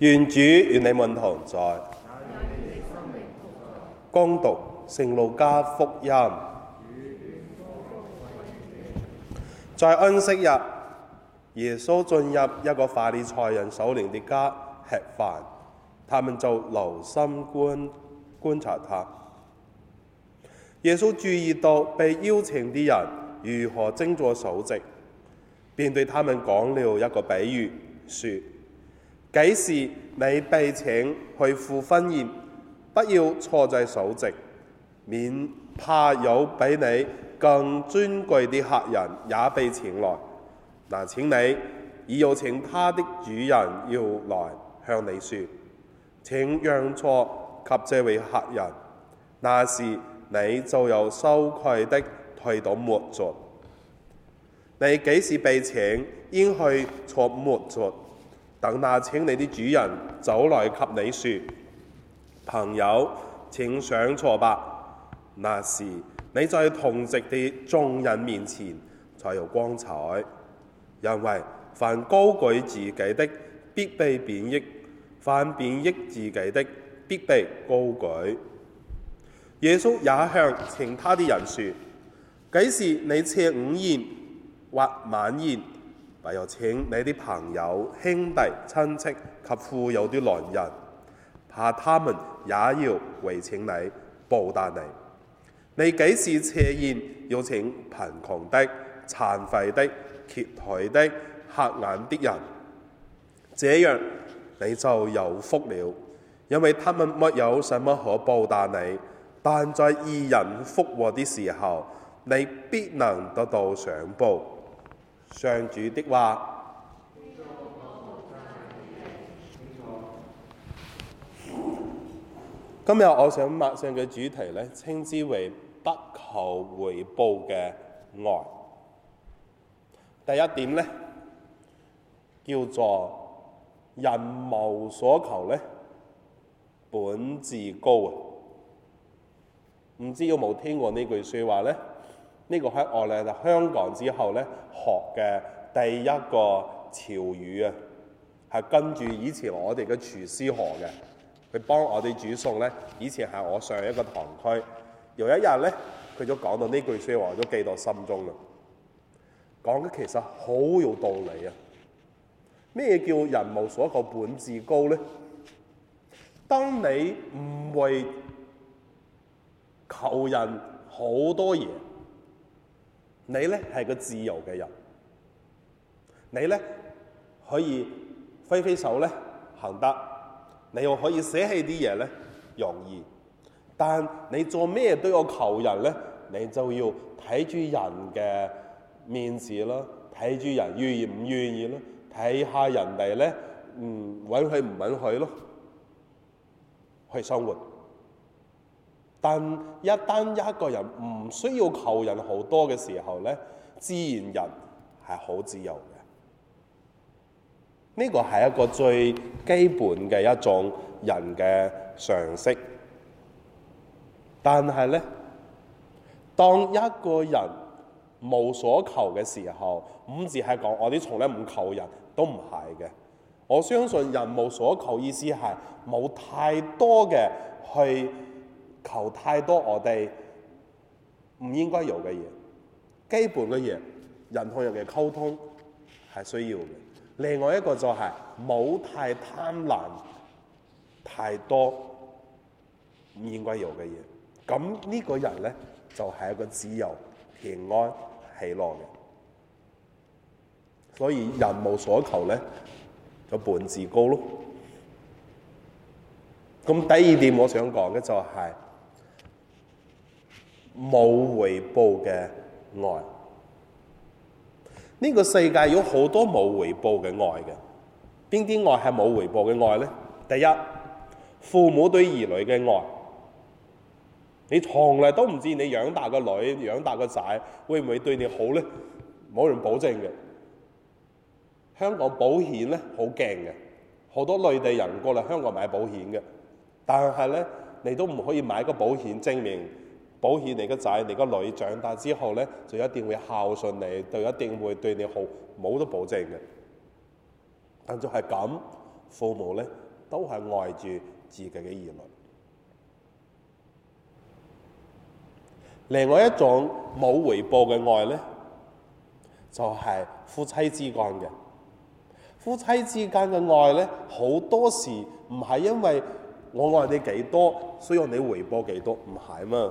願主與你們同在。恭讀聖路加福音。在恩息日，耶穌進入一個法利賽人首領的家吃飯，他們就留心觀觀察他。耶穌注意到被邀請的人如何爭坐首席，便對他們講了一個比喻，說。幾時你被請去赴婚宴，不要坐在首席，免怕有比你更尊貴的客人也被請來。嗱，請你已有請他的主人要來向你説，請讓座給這位客人，那時你就有羞愧的退到末座。你幾時被請應去坐末座，等那，請你的主人走來給你說，朋友，請上坐吧。那時你在同席的眾人面前才有光彩，因為凡高舉自己的，必被貶抑；凡貶抑自己的，必被高舉。耶穌也向請他的人說：幾時你設午宴或晚宴？」唯有請你啲朋友、兄弟、親戚及富有的鄰人，怕他們也要為請你報答你。你幾時設宴，要請貧窮的、殘廢的、瘸腿的、瞎眼的人，這樣你就有福了，因為他們冇有什麼可報答你。但在義人復活的時候，你必能得到上報。上主的話。今日我想默想嘅主題咧，稱之為不求回報嘅愛。第一點呢，叫做人無所求呢本自高啊！唔知有冇聽過呢句説話呢？這呢個喺我咧，香港之後咧學嘅第一個潮語啊，係跟住以前我哋嘅廚師學嘅，佢幫我哋煮餸咧。以前係我上一個堂區，有一日咧，佢都講到呢句説話，我都記到心中啦。講得其實好有道理啊！咩叫人無所求本自高咧？當你唔為求人好多嘢。你咧係個自由嘅人，你咧可以揮揮手咧行得，你又可以捨棄啲嘢咧容易，但你做咩都要求人咧，你就要睇住人嘅面子咯，睇住人願意唔願意咯，睇下人哋咧嗯，允許唔允許咯，去生活。但一旦一個人唔需要求人好多嘅時候咧，自然人係好自由嘅。呢個係一個最基本嘅一種人嘅常識。但係咧，當一個人無所求嘅時候，五字係講我哋從來唔求人都唔係嘅。我相信人無所求意思係冇太多嘅去。求太多我哋唔應該有嘅嘢，基本嘅嘢，人同人嘅溝通係需要嘅。另外一個就係冇太貪婪，太多唔應該有嘅嘢。咁呢個人咧就係一個自由、平安、喜樂嘅。所以人無所求咧，就本自高咯。咁第二點我想講嘅就係。冇回報嘅愛，呢個世界有好多冇回報嘅愛嘅。邊啲愛係冇回報嘅愛呢？第一，父母對兒女嘅愛，你從來都唔知你養大個女、養大個仔會唔會對你好呢？冇人保證嘅。香港保險呢，好勁嘅，好多內地人過嚟香港買保險嘅，但係呢，你都唔可以買個保險證明。保險，你個仔、你個女長大之後咧，就一定會孝順你，就一定會對你好，冇得保證嘅。但就係咁，父母咧都係愛住自己嘅兒女。另外一種冇回報嘅愛咧，就係、是、夫妻之間嘅。夫妻之間嘅愛咧，好多時唔係因為我愛你幾多，需要你回報幾多，唔係嘛？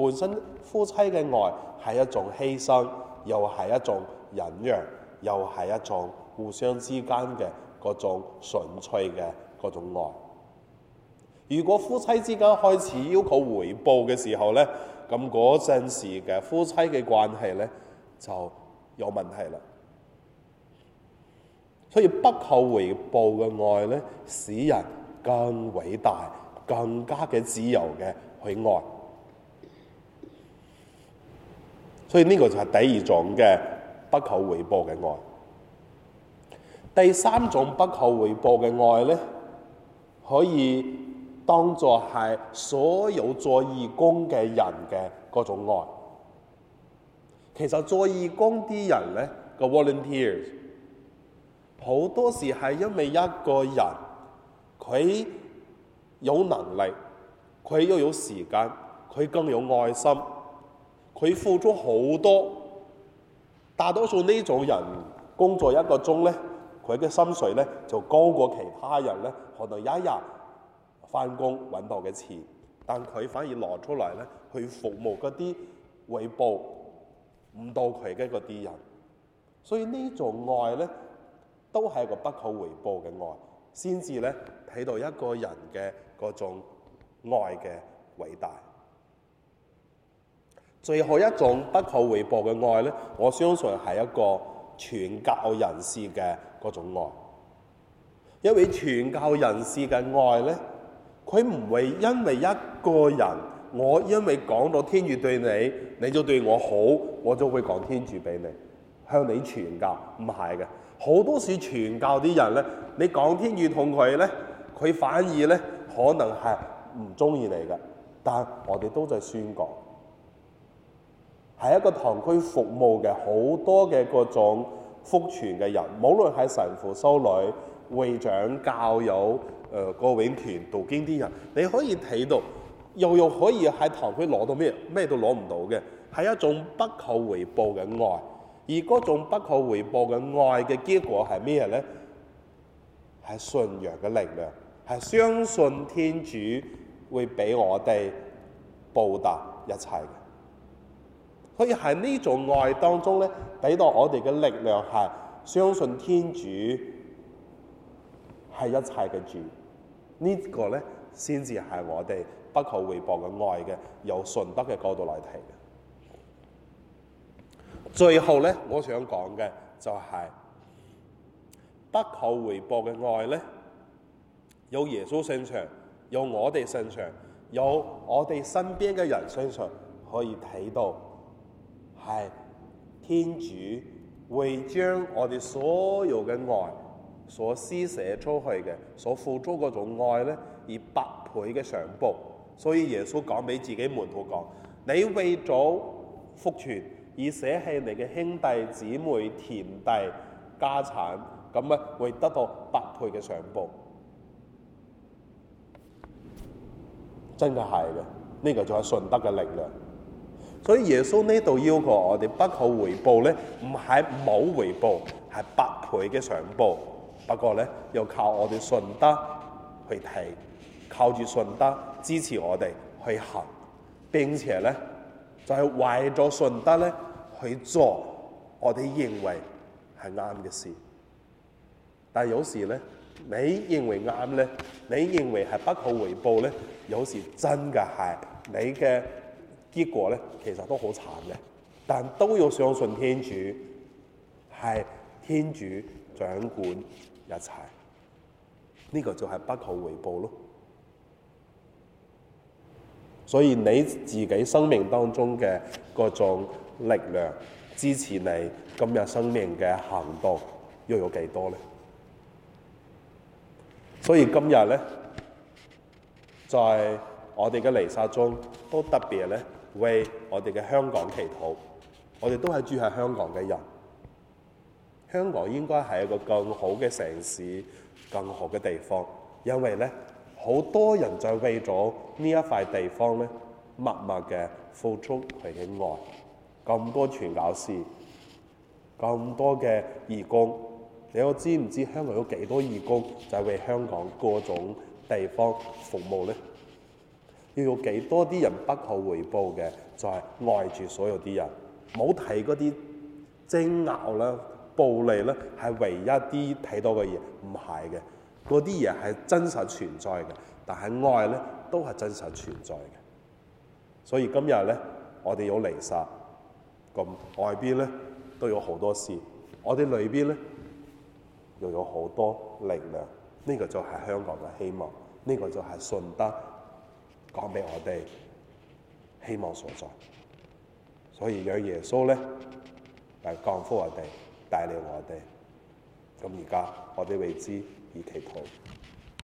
本身夫妻嘅愛係一種犧牲，又係一種忍讓，又係一種互相之間嘅嗰種純粹嘅嗰種愛。如果夫妻之間開始要求回報嘅時候呢，咁嗰陣時嘅夫妻嘅關係呢，就有問題啦。所以不求回報嘅愛呢，使人更偉大，更加嘅自由嘅去愛。所以呢個就係第二種嘅不求回報嘅愛。第三種不求回報嘅愛咧，可以當作係所有做義工嘅人嘅嗰種愛。其實做義工啲人咧，個 volunteers 好多時係因為一個人，佢有能力，佢又有時間，佢更有愛心。佢付出好多，大多數呢組人工作一個鐘咧，佢嘅薪水咧就高過其他人咧，可能有一日翻工揾到嘅錢，但佢反而攞出嚟咧去服務嗰啲回報唔到佢嘅嗰啲人，所以呢種愛咧都係一個不求回報嘅愛，先至咧睇到一個人嘅嗰種愛嘅偉大。最後一種不求回報嘅愛呢，我相信係一個傳教人士嘅嗰種愛。因為傳教人士嘅愛呢，佢唔會因為一個人，我因為講到天主對你，你就對我好，我就會講天主俾你向你傳教。唔係嘅，好多時傳教啲人呢，你講天主同佢呢，佢反而呢，可能係唔中意你嘅。但我哋都在宣講。係一個堂區服務嘅好多嘅各種福傳嘅人，無論係神父修女、會長教友、誒、呃、郭永權讀經啲人，你可以睇到，又又可以喺堂區攞到咩？咩都攞唔到嘅，係一種不求回報嘅愛。而嗰種不求回報嘅愛嘅結果係咩咧？係信仰嘅力量，係相信天主會俾我哋報答一切嘅。所以喺呢種愛當中咧，俾到我哋嘅力量係相信天主係一切嘅主，這個、呢個咧先至係我哋不求回報嘅愛嘅，由順德嘅角度嚟睇。最後咧，我想講嘅就係、是、不求回報嘅愛咧，有耶穌身上，有我哋身上，有我哋身邊嘅人身上可以睇到。係天主會將我哋所有嘅愛，所施捨出去嘅，所付出嗰種愛咧，以百倍嘅賞報。所以耶穌講俾自己門徒講，你為咗復存，而捨棄你嘅兄弟姊妹、田地、家產，咁啊會得到百倍嘅賞報。真嘅係嘅，呢、這個就係信德嘅力量。所以耶穌呢度要求我哋不求回報咧，唔係冇回報，係百倍嘅上報。不過咧，又靠我哋信德去睇，靠住信德支持我哋去行。並且咧，就係為咗信德咧去做，我哋認為係啱嘅事。但係有時咧，你認為啱咧，你認為係不求回報咧，有時真嘅係你嘅。結果咧，其實都好慘嘅，但都要相信天主係天主掌管一切，呢、這個就係不求回報咯。所以你自己生命當中嘅嗰種力量支持你今日生命嘅行動，又有幾多咧？所以今日咧，在、就是、我哋嘅彌撒中都特別咧。為我哋嘅香港祈禱，我哋都係住喺香港嘅人。香港應該係一個更好嘅城市，更好嘅地方，因為咧，好多人就為咗呢一塊地方咧，默默嘅付出佢嘅愛。咁多傳教士，咁多嘅義工，你又知唔知香港有幾多義工就係為香港各種地方服務咧？要有幾多啲人不求回報嘅，就係愛住所有啲人，冇睇嗰啲爭拗啦、暴力啦，係唯一啲睇到嘅嘢。唔係嘅，嗰啲嘢係真實存在嘅，但係愛咧都係真實存在嘅。所以今日咧，我哋有離散，咁外邊咧都有好多事，我哋裏邊咧又有好多力量。呢個就係香港嘅希望，呢個就係信德。講俾我哋希望所在，所以讓耶穌咧嚟降福我哋，帶領我哋。咁而家我哋為之，而祈禱。